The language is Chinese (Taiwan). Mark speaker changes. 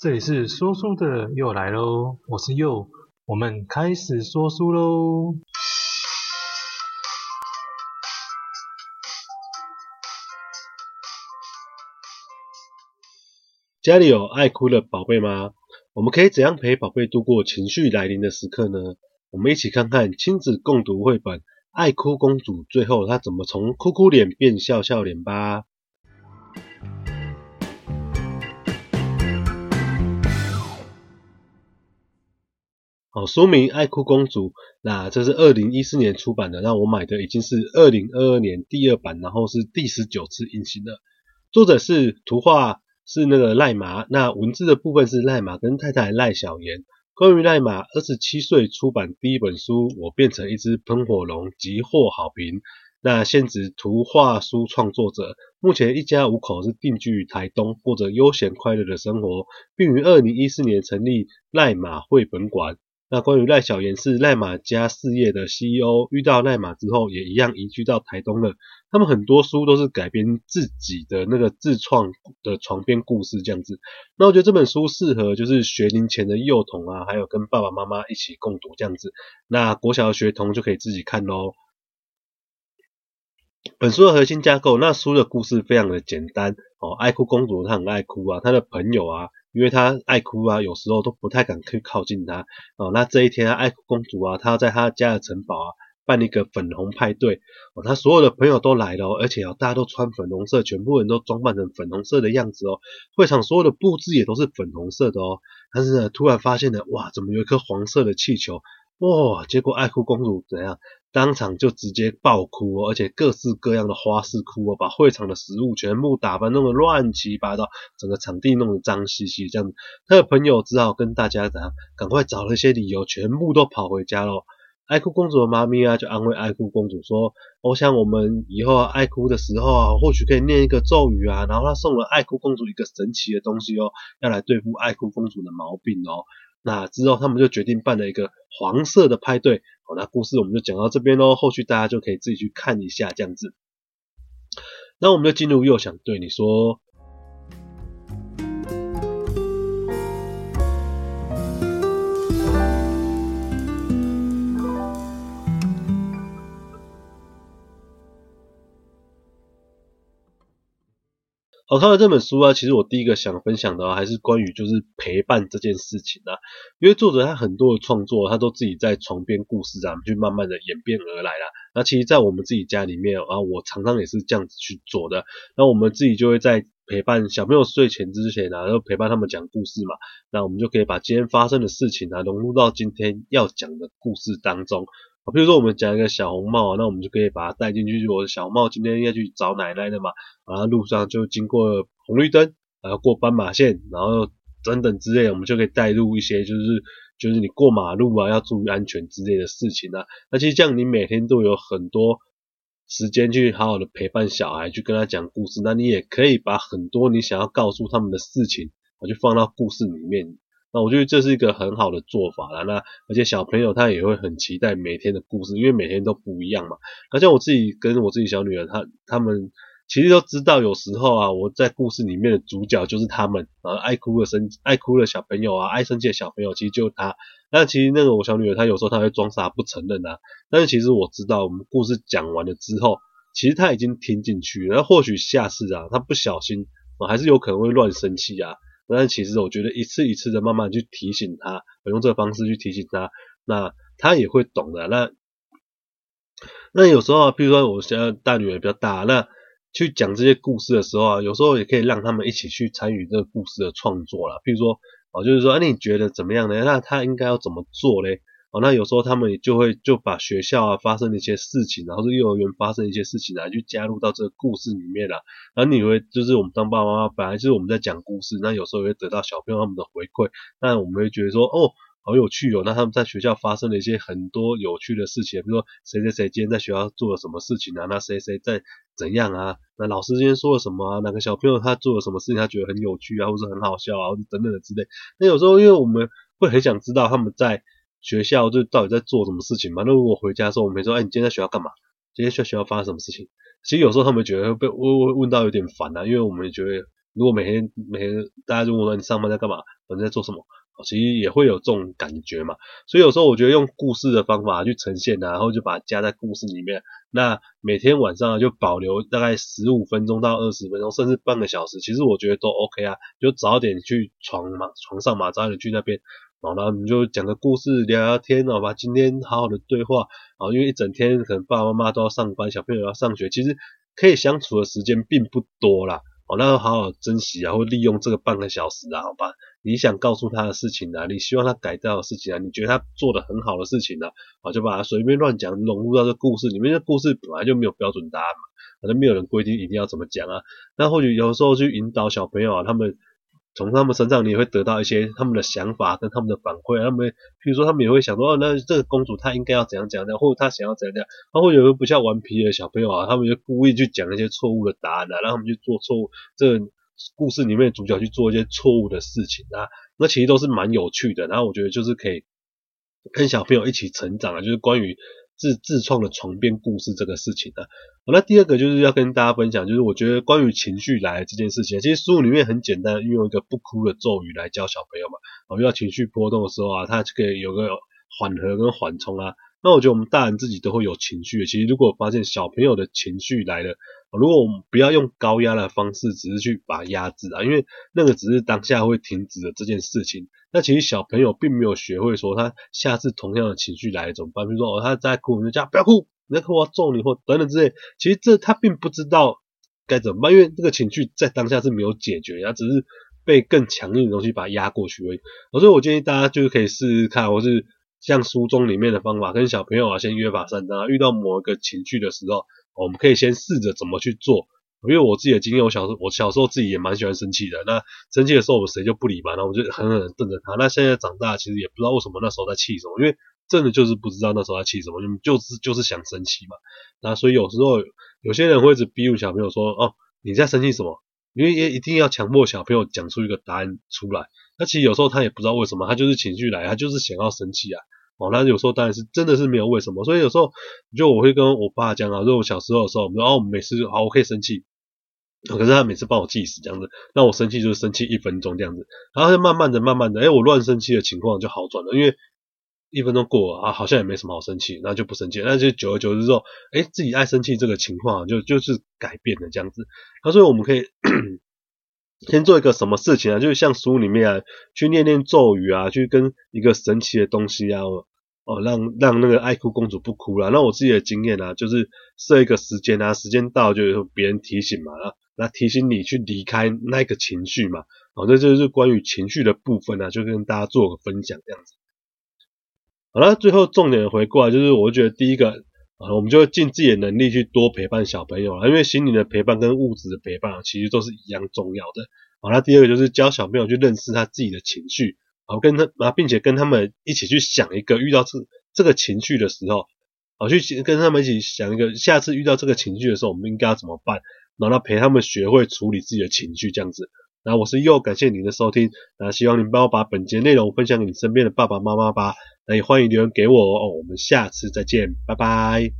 Speaker 1: 這裡是說書的又來嘍，我是佑，我們開始說書嘍。家裡有愛哭的寶貝嗎？我們可以怎樣陪寶貝度過情緒來臨的時刻呢？我們一起看看親子共讀繪本《愛哭公主》，最後她怎麼從哭哭臉變笑笑臉吧。好、哦，書名《愛哭公主》，那這是二零一四年出版的。那我買的已經是二零二二年第二版，然後是第十九次印行了。作者是圖畫是那個賴馬，那文字的部分是賴馬跟太太賴小妍。關於賴馬，二十七歲出版第一本書《我變成一隻噴火龍》，即獲好評。那現職圖畫書創作者，目前一家五口是定居於台東，過着悠閒快樂的生活，並於二零一四年成立賴馬繪本館。那關於賴曉妍，是賴馬家事業的 CEO，遇到賴馬之後也一樣移居到台東了。他們很多書都是改編自己的那個自創的床邊故事這樣子。那我覺得這本書適合就是學齡前的幼童啊，還有跟爸爸媽媽一起共讀這樣子。那國小的學童就可以自己看囉。本書的核心架構，那書的故事非常的簡單哦。愛哭公主她很愛哭啊，她的朋友啊。因為他愛哭啊，有時候都不太敢去靠近他。哦。那這一天啊，愛哭公主啊，她在她家的城堡啊辦一個粉紅派對哦。她所有的朋友都來了哦，而且哦，大家都穿粉紅色，全部人都裝扮成粉紅色的樣子哦。會場所有的布置也都是粉紅色的哦。但是呢，突然發現呢，哇，怎麼有一顆黃色的氣球？哇、哦！結果愛哭公主怎樣，當場就直接爆哭、哦、而且各式各樣的花式哭哦，把會場的食物全部打翻弄得亂七八糟，整個場地弄得髒兮兮。這樣子，他的朋友只好跟大家講，趕快找了一些理由，全部都跑回家嘍。愛哭公主的媽咪啊，就安慰愛哭公主說：“我、哦、想我們以後、啊、愛哭的時候啊，或許可以念一個咒語啊。”然後他送了愛哭公主一個神奇的東西哦，要來對付愛哭公主的毛病哦。那之後，他們就決定辦了一個黃色的派對。好，那故事我們就講到這邊嘍。後續大家就可以自己去看一下這樣子。那我們就進入《佑想對你說》。好，看完這本書啊，其實我第一個想分享的啊，還是關於就是陪伴這件事情啊，因為作者他很多的創作，他都自己在床邊故事啊去慢慢的演變而來啦，啊，那其實，在我們自己家裡面啊，我常常也是這樣子去做的。那我們自己就會在陪伴小朋友睡前之前啊，就陪伴他們講故事嘛。那我們就可以把今天發生的事情啊，融入到今天要講的故事當中。比如說我們講一個小紅帽啊，那我們就可以把它帶進去。就我的小紅帽今天要去找奶奶的嘛，然後路上就經過紅綠燈，然後過斑馬線，然後等等之類，我們就可以帶入一些就是就是你過馬路啊要注意安全之類的事情啊。那其實這樣你每天都有很多時間去好好的陪伴小孩，去跟他講故事。那你也可以把很多你想要告訴他們的事情，就放到故事裡面。那我覺得這是一個很好的做法啦、啊。那而且小朋友他也會很期待每天的故事，因為每天都不一樣嘛。那像我自己跟我自己小女兒，她他，他們其實都知道，有時候啊，我在故事裡面的主角就是他們。然、啊、後愛哭的生愛哭的小朋友啊，愛生氣的小朋友，其實就是他。但其實那個我小女兒，她有時候她會裝傻不承認吶、啊。但是其實我知道，我們故事講完了之後，其實他已經聽進去了。那或許下次啊，他不小心、啊，我還是有可能會亂生氣啊。但其實我覺得一次一次的慢慢去提醒他，我用這個方式去提醒他，那他也會懂的。那那有時候、啊，譬如說我現在大女兒比較大，那去講這些故事的時候啊，有時候也可以讓他們一起去參與這個故事的創作啦，譬如說，哦、啊，就是說、啊，你覺得怎麼樣呢？那他應該要怎麼做呢？哦，那有時候他們也就會就把學校啊發生的一些事情，然後是幼兒園發生一些事情啊，就加入到這個故事裡面了啊。然後你以為就是我們當爸爸媽媽，本來就是我們在講故事，那有時候也會得到小朋友他們的回饋。那我們會覺得說，哦，好有趣哦！那他們在學校發生了一些很多有趣的事情，比如說誰誰誰今天在學校做了什麼事情啊？那誰誰在怎樣啊？那老師今天說了什麼啊？哪個小朋友他做了什麼事情，他覺得很有趣啊，或者很好笑啊，或者等等的之類的。那有時候因為我們會很想知道他們在。學校就到底在做什麼事情嘛？那如果回家的時候，我們說，哎、欸，你今天在學校幹嘛？今天在學校發生什麼事情？其實有時候他們覺得會被我問到有點煩啊，因為我們也覺得如果每天每天大家如果說你上班在幹嘛，反正在做什麼，其實也會有這種感覺嘛。所以有時候我覺得用故事的方法去呈現、啊，然後就把它加在故事裡面。那每天晚上就保留大概十五分鐘到二十分鐘，甚至半個小時，其實我覺得都 OK 啊。就早點去床嘛，床上嘛，早點去那邊。好後我你就講個故事，聊聊天，好吧？今天好好的對話，好，因為一整天可能爸爸媽媽都要上班，小朋友要上學，其實可以相處的時間並不多啦。好，那要好好珍惜啊，或利用這個半個小時啊，好吧？你想告訴他的事情啊，你希望他改掉的事情啊，你覺得他做的很好的事情呢、啊，好，就把它隨便亂講融入到這故事裡面，的、這個、故事本來就沒有標準答案嘛，反正沒有人規定一定要怎麼講啊。那或許有時候去引導小朋友啊，他們。從他們身上，你也會得到一些他們的想法跟他們的反饋啊。他們，譬如說，他們也會想說，啊、那這個公主她應該要怎樣怎樣，或者她想要怎樣怎樣。然後，有的比較頑皮的小朋友啊，他們就故意去講一些錯誤的答案啊，讓他們去做錯誤。這個故事裡面主角去做一些錯誤的事情啊，那其實都是蠻有趣的。然後，我覺得就是可以跟小朋友一起成長啊，就是關於。自自創的床邊故事這個事情呢、啊，好、哦，那第二個就是要跟大家分享，就是我覺得關於情緒來這件事情，其實書裡面很簡單，運用一個不哭的咒語來教小朋友嘛，我們要情緒波動的時候啊，他就可以有個緩和跟緩衝啊。那我覺得我們大人自己都會有情緒。其實如果發現小朋友的情緒來了，如果我們不要用高壓的方式，只是去把它壓製啊，因為那個只是當下會停止的這件事情。那其實小朋友並沒有學會說他下次同樣的情緒來了怎麼辦？比如說哦，他在哭，你就叫不要哭，你再哭我要揍你或等等之類。其實這他並不知道該怎麼辦，因為這個情緒在當下是沒有解決呀，他只是被更強硬的東西把它壓過去而已、哦。所以我建議大家就是可以試試看，或是。像書中裡面的方法，跟小朋友啊先約法三章，遇到某一個情緒的時候，我們可以先試着怎麼去做。因為我自己的經驗，我小時候我小時候自己也蠻喜歡生氣的。那生氣的時候，我誰就不理嘛，那我就狠狠瞪着他。那現在長大，其實也不知道為什麼那時候在氣什麼，因為真的就是不知道那時候在氣什麼，你們就是就是想生氣嘛。那所以有時候有些人會一直逼問小朋友說：“哦，你在生氣什麼？”因為也一定要強迫小朋友講出一個答案出來。他其實有時候他也不知道為什麼，他就是情緒來，他就是想要生氣啊。哦，那有時候當然是真的是沒有為什麼，所以有時候，就我會跟我爸講啊，就我小時候的時候，然後、哦、我們每次就好、哦、我可以生氣、哦，可是他每次幫我計時這樣子，那我生氣就是生氣一分鐘這樣子，然後就慢慢的慢慢的，哎，我亂生氣的情況就好轉了，因為一分鐘過了啊，好像也沒什麼好生氣，那就不生氣了，那就久而久之之後，哎，自己愛生氣這個情況就就是改變了這樣子、啊。所以我們可以。先做一個什麼事情啊？就是像書裡面啊，去念念咒語啊，去跟一個神奇的東西啊，哦，哦讓讓那個愛哭公主不哭了、啊。那我自己的經驗啊，就是設一個時間啊，時間到就由別人提醒嘛，那、啊、提醒你去離開那個情緒嘛。哦，這就是關於情緒的部分呢、啊，就跟大家做個分享這樣子。好了，最後重點回顧，就是我覺得第一個。啊，我們就盡自己的能力去多陪伴小朋友，因為心理的陪伴跟物質的陪伴其實都是一樣重要的。好，那第二個就是教小朋友去認識他自己的情緒，好，跟他啊，並且跟他們一起去想一個遇到這這個情緒的時候，好，去跟他們一起想一個下次遇到這個情緒的時候，我們應該要怎麼辦，然後他陪他們學會處理自己的情緒，這樣子。那，我是佑，感謝您的收聽，那希望您幫我把本節內容分享給你身邊的爸爸媽媽吧，那也歡迎留言給我哦，我們下次再見，拜拜。